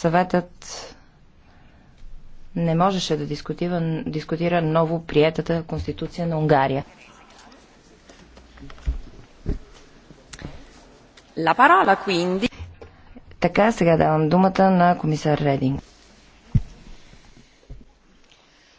Съветът не можеше да дискутира, дискутира ново приетата конституция на Унгария. La parola, quindi. Така сега давам думата на комисар Рединг.